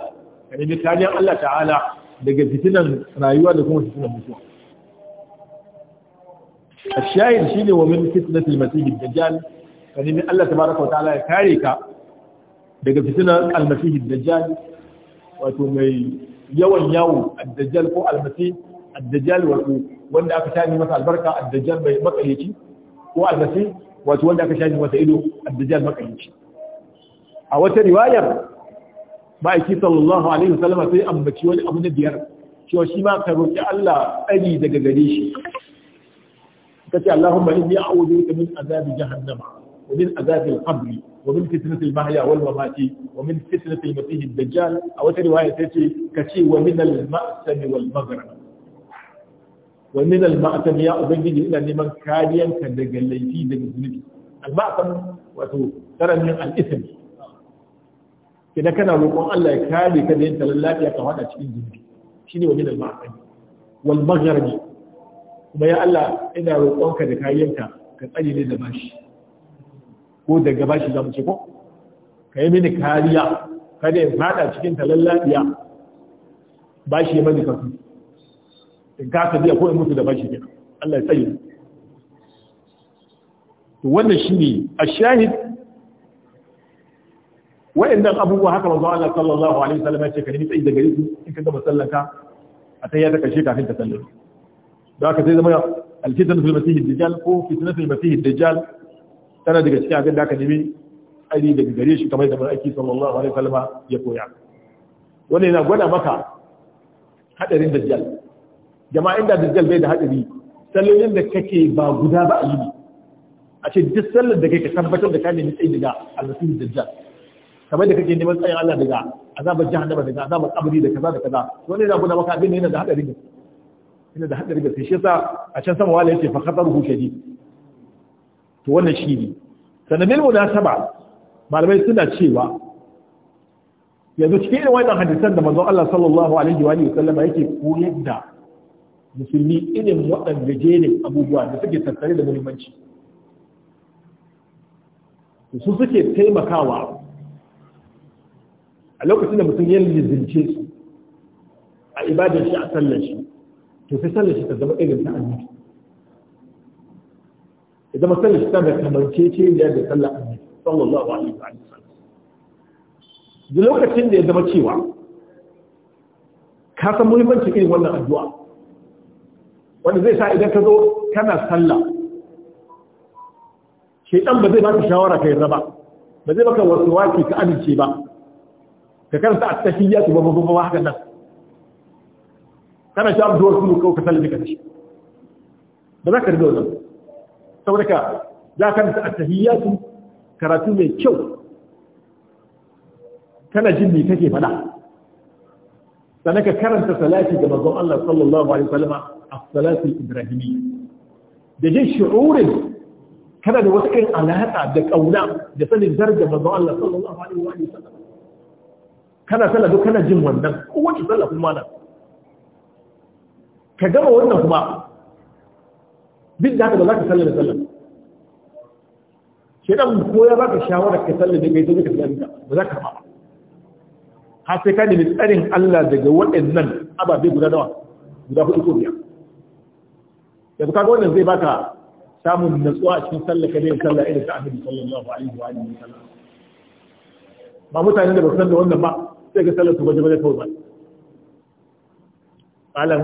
ka nemi kariyar Allah ta'ala daga fitinan rayuwa da kuma fitinan mutuwa الشاهد شيء ومن فتنة المسيح الدجال فإن الله تبارك وتعالى كاريكا daga fitinar almasihi dajjal wato mai yawan yawo addajjal ko almasihi addajjal wato wanda aka shani masa albarka addajjal mai makalici ko almasihi wato wanda aka shani masa ido a wata riwayar ma'aiki sallallahu alaihi wasallam sai ambaci wani abu na biyar cewa shi ma ka roki Allah ɗari daga gare shi تتي اللهم إني أعوذ بك من عذاب جهنم ومن عذاب القبر ومن فتنة المحيا والممات ومن فتنة المسيح الدجال أو رواية تتي كتي ومن المأسم والمغرب ومن المأسم يا أبنجي إلا لمن كاريا كدقليتي دقلتي المأسم وتو ترى من الإثم إذا كان roƙon الله ya kare ka da yin talar lafiya ka hada cikin zunubi kuma ya Allah ina roƙonka da kayanka ka tsare ni da bashi ko daga bashi za mu ce ko ka yi mini kariya kada in fada cikin talallabiya bashi ya mani kasu in kasa biya ko in mutu da bashi ke. Allah ya tsare ni to wannan shine ashahid wa'annan abubuwa haka manzo Allah sallallahu alaihi wasallam ya ce ka nemi tsayi daga gare su in ka gama sallaka a ta ta kashe kafin ta sallaka da aka sai zama alfitan fil masih dajjal ko fitna fil masih dajjal tana daga cikin abin da aka nemi ari daga gare shi kamar da aiki sallallahu alaihi wasallam ya koya wannan yana gwada maka hadarin dajjal jama'a inda dajjal bai da hadari sallolin da kake ba guda ba a yi a ce duk sallar da kake tabbatar da ka nemi tsayi daga almasih dajjal kamar da kake neman tsayin Allah daga azabar jahannama daga azabar kabari da kaza da kaza wannan yana gwada maka abin ne yana da hadarin gaske ina da hadari gaske shi yasa a can sama wala yace fa khataruhu shadid to wannan shi ne sanadin munasaba malamai suna cewa yanzu cikin irin wannan hadisan da manzon Allah sallallahu alaihi wa sallama yake koyar da musulmi irin waɗanda jerin abubuwa da suke tattare da muhimmanci su suke taimakawa a lokacin da mutum ya lizince su a ibadar shi a sallar shi to sai sallar shi ta zama irin ta annabi idan zama sallar shi ta da kamanceceniya da sallar annabi sallallahu alaihi wa sallam da lokacin da ya zama cewa ka san muhimmancin irin wannan addu'a wanda zai sa idan ka zo kana sallah shaitan ba zai baka shawara kai raba ba zai baka wasu waki ka amince ba ka karanta at-tahiyyatu ba ba ba haka nan kana shi abduwar kulu kawo ka salabi ka tashi ba za ka riga wannan saboda ka za ka nasa attahiyyatu karatu mai kyau kana jin me kake faɗa sannan ka karanta salati ga manzon Allah sallallahu alaihi wasallam as-salatu al-ibrahimiyya da jin shu'urin kana da wasu kan alaƙa da ƙauna da sanin darajar manzon Allah sallallahu alaihi wasallam kana sallah duk kana jin wannan kowace sallah kuma nan ka gama wannan kuma duk da haka ba za ka sallar da sallar ɗan ko ya ka shawara ka sallar da kai ta zuka sallar ba za ka ba ha sai ka nemi tsarin Allah daga waɗannan ababe guda dawa guda hudu ko biyar yanzu kaga wannan zai baka samun natsuwa a cikin sallar kadai sallar irin ta annabi sallallahu alaihi wa alihi sallam ba mutane da ba san da wannan ba sai ga sallar su baje baje kawai ba alam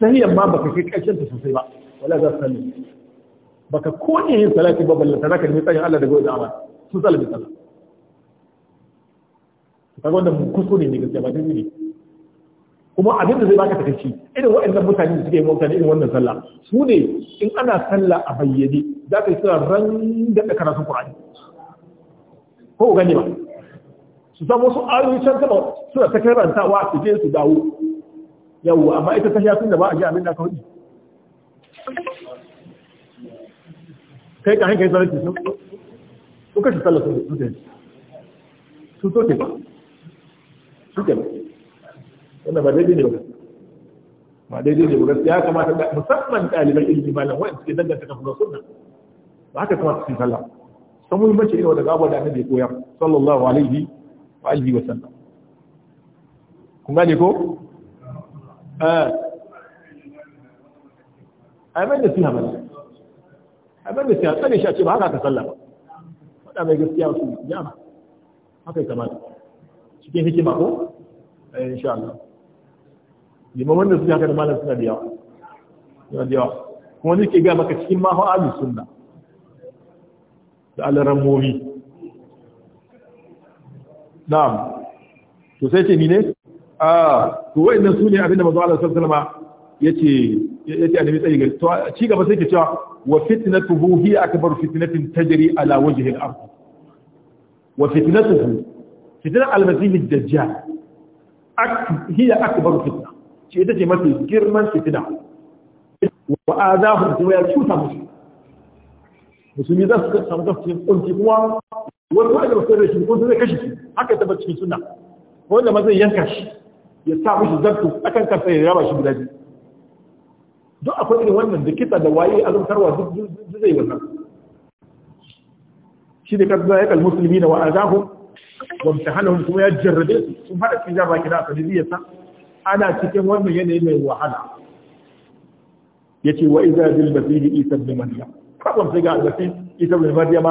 sahiyan ma baka kai ƙarshen ta sosai ba wala za su sani baka kone yin salati ba ballanta naka ne tsayin Allah daga wajen amal sun salabi sallah kaga wannan kuskure ne gaskiya ba ta ne kuma abin da zai baka takaici irin waɗannan mutane da suke yi mutane irin wannan sallah su ne in ana sallah a bayyane za ka yi suna ran da karatun Qur'ani ko gani ba su samu wasu ayoyi can sama suna ta karantawa su je su dawo yawwa amma ita ta shafin da ba a ji abin da aka hudu kai ka hankali sarar cikin su kashe sallar su su su soke ba su ke ba wanda ba daidai ne ba ba daidai ne ba ya kamata da musamman ɗaliban ilimin malam wa'in suke danganta kafin da sunna ba haka kamata su tsalla sallah sun muhimmanci ne daga abuwa da annabi koya. sallallahu alaihi wa alihi wa sallam kun gane ko a eh. mai da siya mana a mai da siya tsane shi a ce ba haka ka sallama, ba faɗa mai gaskiya su ya ba haka yi kamata cikin hikima ko a eh, yi insha Allah limaman da su haka da malam suna da yawa suna da yawa kuma ni ke ga maka cikin ma ha'adu sunna da alaran mobi na'am to sai ce ni ne ah to wayannan su ne abinda manzo Allah sallallahu alaihi wasallam yace yace annabi tsayi gari to ci gaba sai ke cewa wa fitnatuhu hi akbar fitnatin tajri ala wajhi al-ard wa fitnatuhu fitna al-masih ad-dajjal hi akbar fitina. ce ita ce mafi girman fitina wa a za azahu kuma ya cuta musu musulmi za su samu da cikin kunci kuma wani wanda ba sai da shi kun sai kashi haka ta cikin sunna wanda ma zai yanka shi ya sa mushi zartu akan kansa ya raba shi guda biyu duk akwai irin wannan da kita da waye azumtarwa duk zai wannan shi da kaza zai kal musulmi na wa'azahum wa imtahanahum kuma ya jarrabe su sun fada cikin jarra kida a sanidiyarsa ana cikin wannan yanayi mai wahala Ya ce wa iza bil masih isa ibn mariya kawai sai ga al-masih isa ibn maryam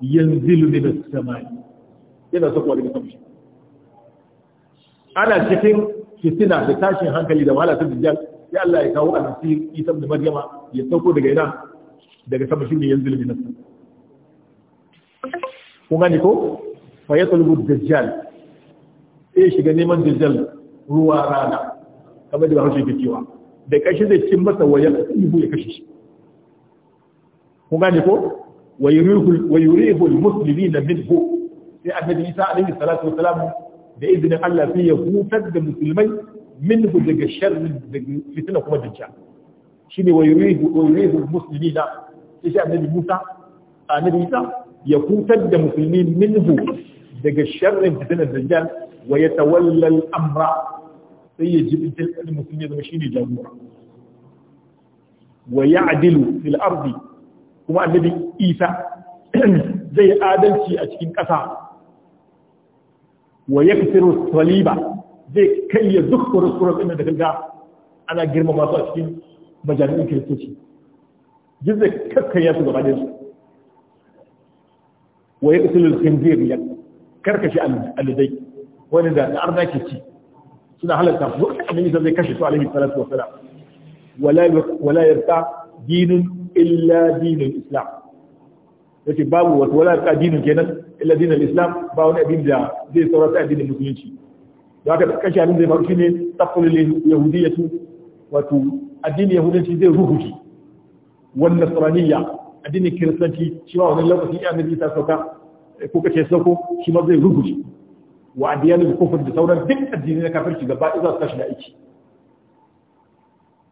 yanzilu min as-samai yana sakwa daga sama ana cikin fitina da tashin hankali da wahala ta Dijjal. sai Allah ya kawo annabi Isa da Maryama ya sauko daga ina daga sama shi ne yanzu limin nasa kun gani ko fa talubu dajjal sai shiga neman dajjal ruwa rana kamar da hausa yake cewa da kashi zai cin masa waya ibu ya kashe shi ko gani ko wa yurihu wa yurihu al-muslimina minhu sai annabi Isa alaihi salatu Salam. da izinin Allah sai ya hutar da musulmai minhu daga sharrin daga fitina kuma dajjal shine wa yurihu wa yurihu muslimina sai shi annabi Musa annabi Isa ya hutar da musulmi minhu daga sharrin fitinar dajjal wa yatawalla al-amra sai ya jibinta musulmi ya zama shine jagora wa ya'dilu fil ardi kuma annabi Isa zai adalci a cikin ƙasa wa yaktiru saliba zai kai ya duk kurus inda da kaga ana girma masu a cikin majami'in kiristoci duk zai kakkaya su gaba su wa yaktiru khinzir ya karkashi alidai wani da na arna ke ci suna halarta duk abin isa zai kashe su alaihi salatu wa salam wala wala yarta dinun illa dinin islam yake babu wata wala yarta dinin kenan illa dinal islam ba wani abin da zai saura sai addinin musulunci da haka kashi abin zai faru shine tafsirul yahudiyyatu wato addinin yahudanci zai ruhuji wannan nasraniyya addinin kiristanci shi ma wannan lokacin ya annabi ta sauka eh, ko kace sauko shi ma zai ruhuji wa adiyanul kufr da sauran duk addini na kafirci gaba ɗaya za su tashi da aiki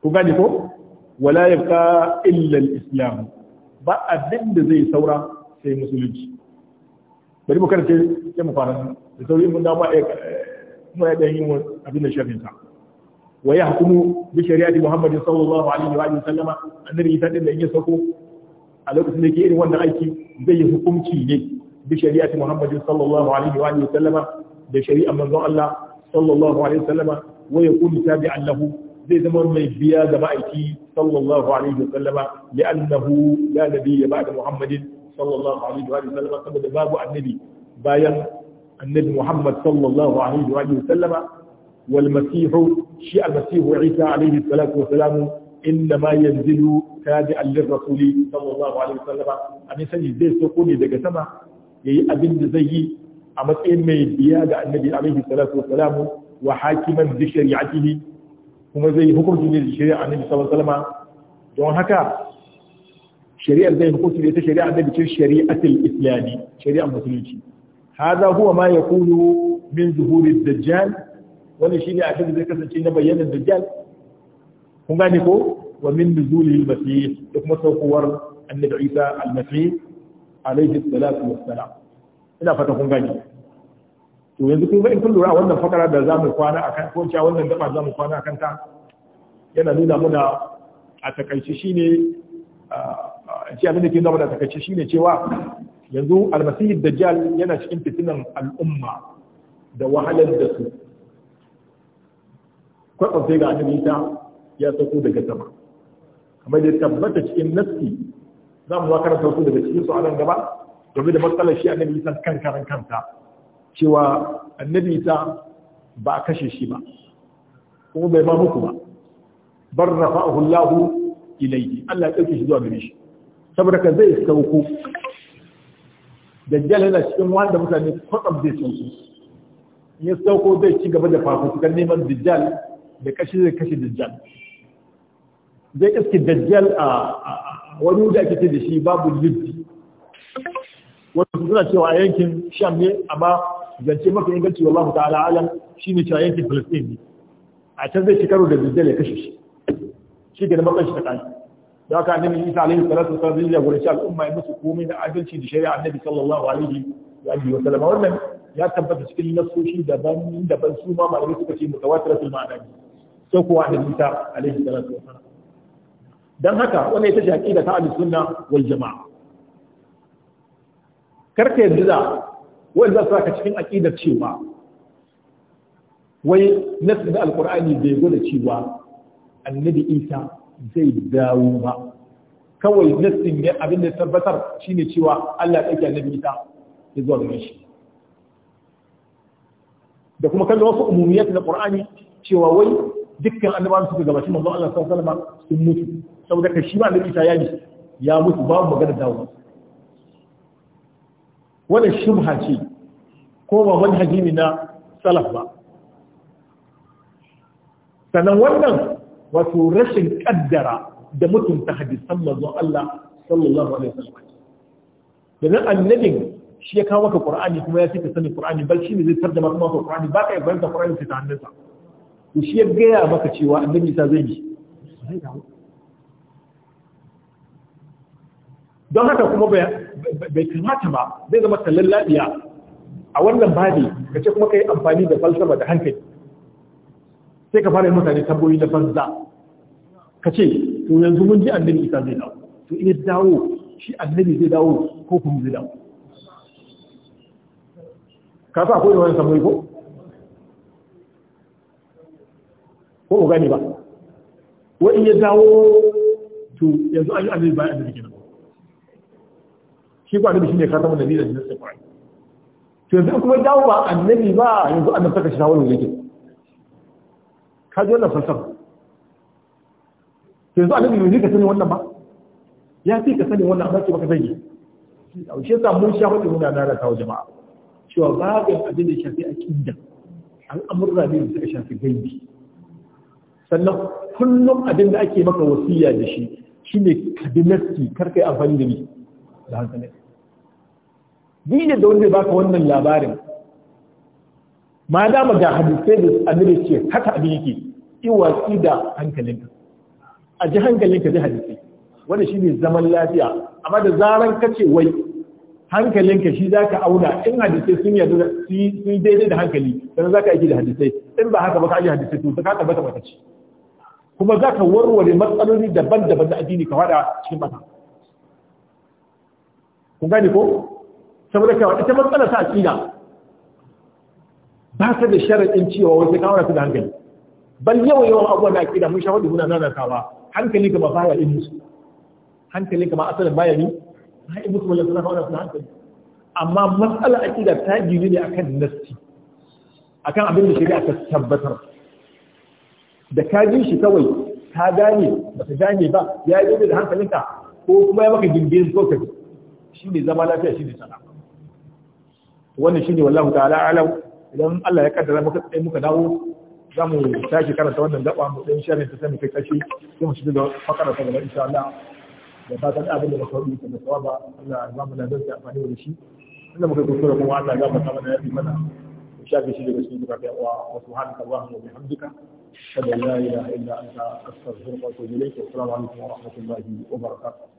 ku gane ko wala ba abin da zai saura sai musulunci bari mu karanta sai mu fara da sauri mun dama muna da yin abin da shafin sa wa yahkumu bi shari'ati Muhammad sallallahu alaihi wa sallama annabi ta din da yake sako a lokacin da yake irin wannan aiki zai yi hukunci ne bi shari'ati Muhammad sallallahu alaihi wa sallama da shari'a manzon Allah sallallahu alaihi wa sallama wa yakunu tabi'an lahu zai zama mai biya ga ma'aiki sallallahu alaihi wa sallama li'annahu la nabiyya ba'da Muhammadin sallallahu alaihi wa sallama kama da babu annabi bayan annabi Muhammad sallallahu alaihi wa sallama wal masihu shi al masihu Isa alaihi salatu salamu inda ma yanzilu tabi allin rasuli sallallahu alaihi wa sallama a nisan zai soko ne daga sama yayi abin da zai yi a matsayin mai biya ga annabi alaihi salatu wa salamu wa hakiman bi shari'atihi kuma zai hukunci ne da shari'a annabi sallallahu wa sallama don haka shari'ar zai hukunci da ita shari'a da bikin shari'atul islami shari'ar musulunci hadha huwa ma yakunu min zuhurid dajjal wani shine abin da zai kasance na bayyanan dajjal kun gane ko wa min nuzulil masih da kuma saukowar annabi Isa al-Masih alaihi salatu wassalam ina fata kun gane to yanzu kun ga in kun lura wannan fakara da zamu kwana akan ko cewa wannan gaba zamu kwana akan ta yana nuna muna a takaice shine ce abin da ke zama da takaice ne cewa yanzu da dajjal yana cikin fitinan al'umma da wahalar da su kwatsam ga annabi ya sauko daga sama kamar da tabbata cikin nassi za mu zaka sauko daga cikin su a gaba domin da matsalar shi annabi isa kan karan kanta cewa annabi ta ba a kashe shi ba kuma bai ma muku ba bar a Allah ilai. Allah ya dauke shi zuwa gare shi saboda ka zai sauko dajjal yana cikin wanda mutane kwatsam zai sauko ya sauko zai ci gaba da kan neman dajjal da kashi zai kashe dajjal zai iske dajjal a wani wuda ake ce da shi babu libdi wasu suna cewa a yankin sham ne amma zance maka inganci wallahu ta'ala alam shine cewa yankin palestine ne a can zai ci karo da dajjal ya kashe shi shi ke da makon shi ta kai da haka annabi Isa alaihi salatu wasallam zai shi al'umma ya musu komai da adalci da shari'a annabi sallallahu alaihi wa sallam wannan ya tabbata cikin nassoshi daban daban su ma malamai suka ce mutawatiratul ma'ani sai kuwa annabi Isa alaihi salatu wasallam dan haka wannan ita ce aqida ta al-sunna wal jama'a karka yadda da wanda za ka cikin aqidar cewa wai nasu da alqur'ani bai gwada cewa annabi Isa zai dawo ba kawai nassin ya abin da tabbatar shine cewa Allah ya nabi ta ya zuwa gare shi da kuma kallon wasu umumiyat na Qur'ani cewa wai dukkan annabawan suka gabaci manzo Allah sallallahu alaihi wasallam sun mutu saboda ka shi ma annabi Isa ya mutu ya mutu babu magana dawo wannan shubha ce ko ba wani ne na salaf ba sannan wannan wato rashin kaddara da mutunta hadisan manzon Allah sallallahu alaihi wasallam nan annabin shi ya kawo maka qur'ani kuma ya ce ka sani qur'ani bal shi ne zai tarjuma kuma maka qur'ani ba ka ibranta qur'ani sai ta hannunsa to shi ya gaya maka cewa annabi sa zai yi don haka kuma bai kamata ba zai zama tallan lafiya a wannan babi kace kuma ka yi amfani da falsafa da hankali sai ka fara yi mutane tabbobi da banza ka ce to yanzu mun ji annabi isa zai dawo to in dawo shi annabi zai dawo ko kuma zai dawo ka sa akwai wani samuwa ko ko ku gani ba wa in ya dawo to yanzu an yi annabi bayan annabi kenan shi ko annabi shine ka samu nabi da sai ko to yanzu kuma dawo ba annabi ba yanzu annabi saka shi tawon yake ka ji wannan falsafa to yanzu annabi bai ka sani wannan ba ya fi ka sani wannan amma ce baka sani shi yasa mun sha faɗi muna nana kawo jama'a cewa babin abin da shafi aqida an amurra ne da suka shafi gaibi sannan kullum abin da ake maka wasiya da shi shi ne kabinarki kar yi amfani da ni da hankali ni ne da wanda baka wannan labarin ma dama ga hadisai da annabi ce haka abin yake iwa da hankalinka a ji hankalinka ji hadisi wanda shi ne zaman lafiya amma da zaran ka ce wai hankalinka shi za ka auna in hadisi sun yarda sun daidai da hankali dan za ka da hadisai in ba haka ba ka yi hadisai to ka tabbata mata ce kuma za ka warware matsaloli daban-daban da addini ka fada cikin mata kun gane ko saboda kawai ita matsalar ta aƙida ba ta da sharaɗin cewa wasu kawara su da hankali bal yawan yawan abubuwan da ake da mun sha hudu muna nana kawa hankali kama baya in musu hankali kama asalin baya ne, ba yi musu wajen suna kawara su da hankali amma matsala akida ta gini ne akan nasti akan abin da shari'a ta tabbatar da ka ji shi kawai ka gane ba ta gane ba ya yi da hankalinka ko kuma ya maka gindin sokaci shi ne zama lafiya shi ne sana'a wannan shi ne wallahu ta'ala alam idan Allah ya kaddara muka tsaye muka dawo za mu tashi karanta wannan gaba mu ɗan shirin ta sami kai kashi sai mu shiga fakara ta gaba insha Allah da ba ta da abin da muka rubuta da sawaba Allah ya mu da da amfani da shi inda muka kuskura kuma Allah ya gafarta da yafi mana mu shafe shi daga cikin zukata wa wa subhanaka allahumma wa bihamdika ashhadu an la ilaha illa anta astaghfiruka wa atubu ilayk wa assalamu alaikum wa rahmatullahi wa barakatuh